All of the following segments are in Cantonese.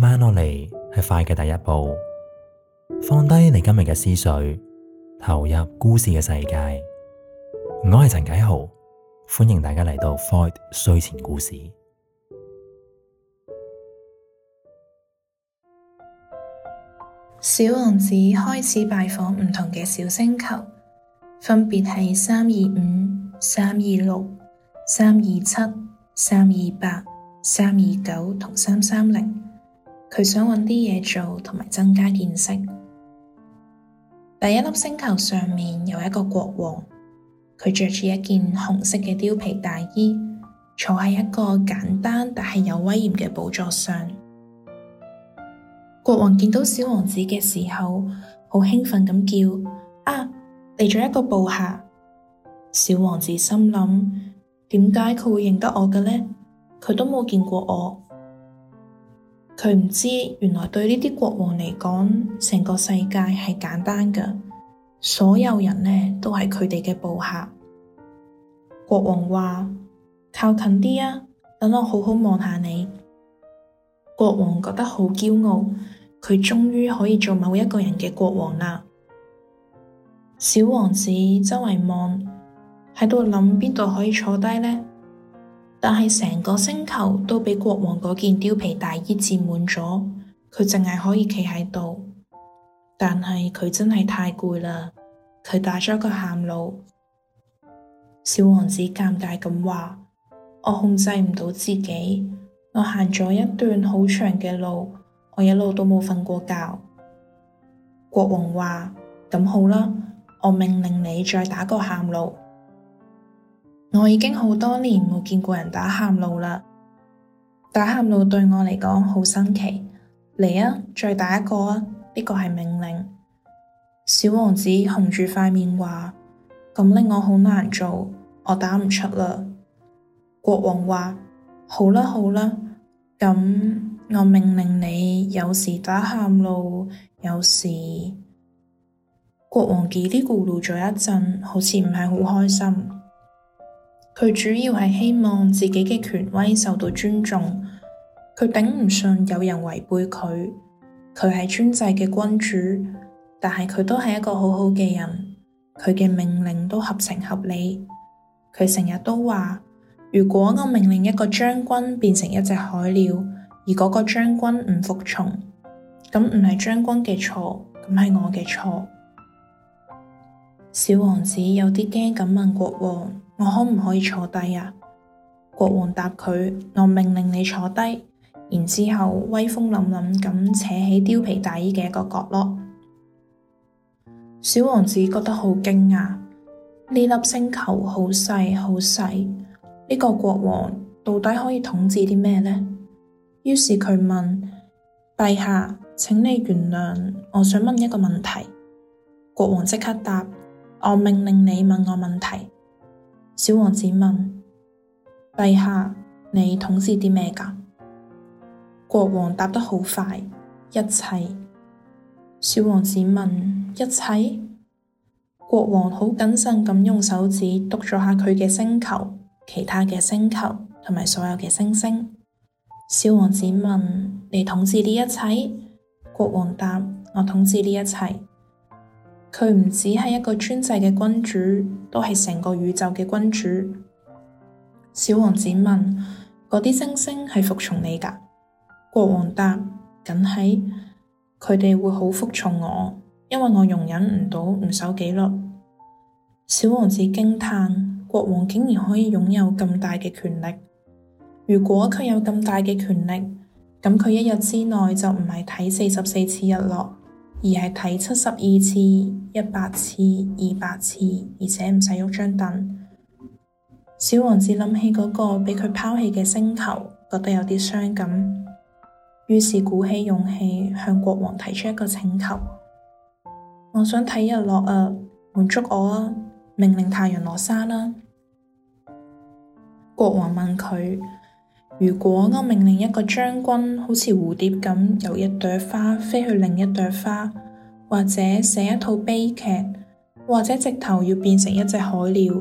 慢落嚟係快嘅第一步，放低你今日嘅思緒，投入故事嘅世界。我係陳棨豪，歡迎大家嚟到 Void 睡前故事。小王子開始拜訪唔同嘅小星球，分別係三二五、三二六、三二七、三二八、三二九同三三零。佢想搵啲嘢做，同埋增加見識。第一粒星球上面有一個國王，佢着住一件紅色嘅貂皮大衣，坐喺一個簡單但係有威嚴嘅寶座上。國王見到小王子嘅時候，好興奮咁叫，啊，嚟咗一個部下！小王子心諗，點解佢會認得我嘅咧？佢都冇見過我。佢唔知，原來對呢啲國王嚟講，成個世界係簡單嘅，所有人咧都係佢哋嘅部下。國王話：靠近啲啊，等我好好望下你。國王覺得好驕傲，佢終於可以做某一個人嘅國王啦。小王子周圍望，喺度諗邊度可以坐低咧？但係成個星球都俾國王嗰件貂皮大衣佔滿咗，佢淨係可以企喺度。但係佢真係太攰啦，佢打咗個喊路。小王子尷尬咁話，我控制唔到自己，我行咗一段好長嘅路，我一路都冇瞓過覺。國王話，咁好啦，我命令你再打個喊路。我已經好多年冇見過人打喊路啦，打喊路對我嚟講好新奇。嚟啊，再打一個啊！呢個係命令。小王子紅住塊面話：咁令我好難做，我打唔出啦。國王話：好啦，好啦，咁我命令你有時打喊路，有時。國王嘰哩咕嚕咗一陣，好似唔係好開心。佢主要係希望自己嘅權威受到尊重，佢頂唔順有人違背佢。佢係專制嘅君主，但係佢都係一個好好嘅人。佢嘅命令都合情合理。佢成日都話：「如果我命令一個將軍變成一隻海鳥，而嗰個將軍唔服從，咁唔係將軍嘅錯，咁係我嘅錯。」小王子有啲驚咁問國王，哦。我可唔可以坐低啊？國王答佢：我命令你坐低。然之後威風凛凛咁扯起貂皮大衣嘅一個角落。小王子覺得好驚訝，呢粒星球好細好細，呢個國王到底可以統治啲咩呢？於是佢問陛下，請你原諒，我想問一個問題。國王即刻答：我命令你問我問題。小王子問：陛下，你統治啲咩㗎？國王答得好快，一切。小王子問：一切？國王好謹慎咁用手指督咗下佢嘅星球，其他嘅星球同埋所有嘅星星。小王子問：你統治呢一切？國王答：我統治呢一切。佢唔止係一個專制嘅君主，都係成個宇宙嘅君主。小王子問：嗰啲星星係服從你噶？國王答：梗係，佢哋會好服從我，因為我容忍唔到唔守紀律。小王子驚嘆：國王竟然可以擁有咁大嘅權力。如果佢有咁大嘅權力，咁佢一日之內就唔係睇四十四次日落。而係睇七十二次、一百次、二百次，而且唔使喐張凳。小王子諗起嗰個畀佢拋棄嘅星球，覺得有啲傷感，於是鼓起勇氣向國王提出一個請求：我想睇日落啊，滿足我啊，命令太陽落山啦，啊！國王問佢。如果我命令一個將軍好似蝴蝶咁由一朵花飛去另一朵花，或者寫一套悲劇，或者直頭要變成一隻海鳥，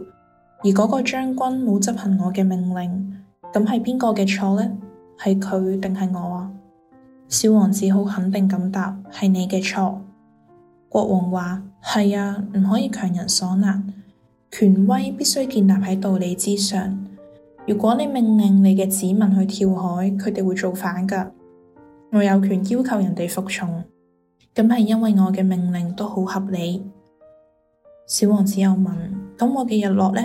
而嗰個將軍冇執行我嘅命令，咁係邊個嘅錯呢？係佢定係我啊？小王子好肯定咁答：係你嘅錯。國王話：係啊，唔可以強人所難，權威必須建立喺道理之上。如果你命令你嘅子民去跳海，佢哋會造反噶。我有權要求人哋服從，咁係因為我嘅命令都好合理。小王子又問：咁我嘅日落呢？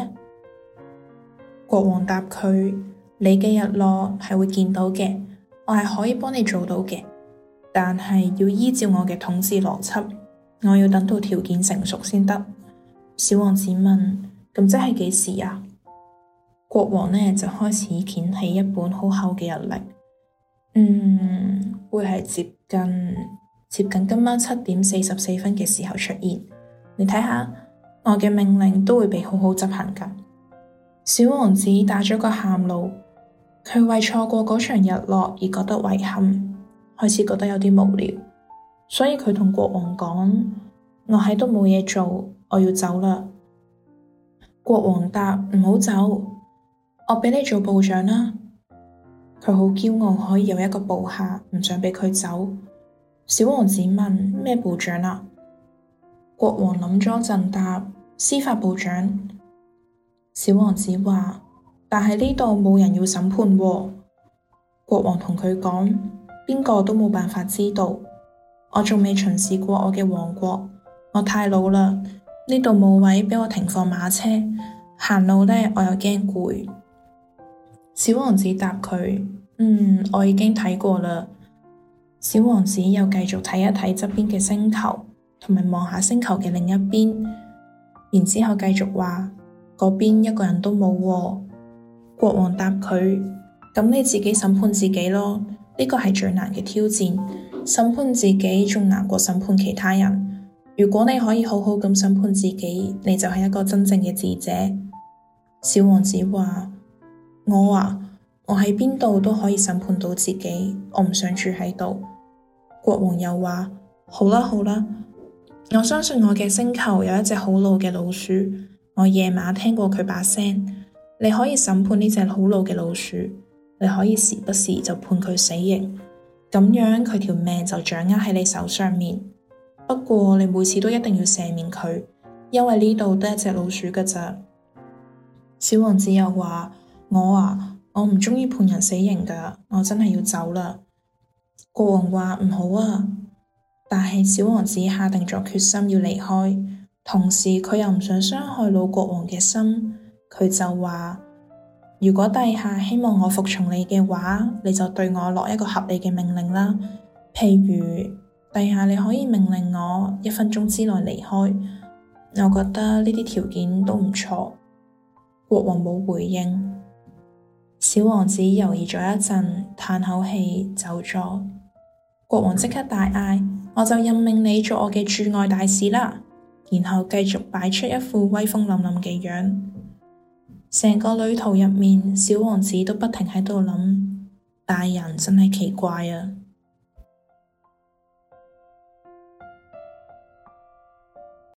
國王答佢：你嘅日落係會見到嘅，我係可以幫你做到嘅，但係要依照我嘅統治邏輯，我要等到條件成熟先得。小王子問：咁即係幾時啊？國王呢就開始撿起一本好厚嘅日曆，嗯，會係接近接近今晚七點四十四分嘅時候出現。你睇下，我嘅命令都會被好好執行㗎。小王子打咗個喊路，佢為錯過嗰場日落而覺得遺憾，開始覺得有啲無聊，所以佢同國王講：我喺度冇嘢做，我要走啦。國王答：唔好走。我俾你做部長啦。啊，佢好驕傲可以有一個部下，唔想俾佢走。小王子問，咩部長啊？國王諗咗陣答司法部長。小王子話：但係呢度冇人要審判、喎。國王同佢講：邊個都冇辦法知道。我仲未巡視過我嘅王國，我太老啦，呢度冇位俾我停放馬車，行路咧我又驚攰。小王子答佢：嗯，我已經睇過啦。小王子又繼續睇一睇側邊嘅星球，同埋望下星球嘅另一邊，然之後繼續話：嗰邊一個人都冇。國王答佢：咁你自己審判自己咯，呢個係最難嘅挑戰。審判自己仲難過審判其他人。如果你可以好好咁審判自己，你就係一個真正嘅智者。小王子話。我話，我喺邊度都可以審判到自己。我唔想住喺度。國王又話：好啦，好啦，我相信我嘅星球有一隻好老嘅老鼠。我夜晚聽過佢把聲，你可以審判呢隻好老嘅老鼠。你可以時不時就判佢死刑，咁樣佢條命就掌握喺你手上面。不過你每次都一定要赦免佢，因為呢度得一隻老鼠噶咋。小王子又話。我啊，我唔中意判人死刑噶，我真係要走啦。國王話唔好啊，但係小王子下定咗決心要離開，同時佢又唔想傷害老國王嘅心，佢就話：如果陛下希望我服從你嘅話，你就對我落一個合理嘅命令啦。譬如陛下，你可以命令我一分鐘之內離開，我覺得呢啲條件都唔錯。國王冇回應。小王子猶豫咗一陣，嘆口氣走咗。國王即刻大嗌：「我就任命你做我嘅駐外大使啦！」然後繼續擺出一副威風凛凛嘅樣。成個旅途入面，小王子都不停喺度諗：「大人真係奇怪啊！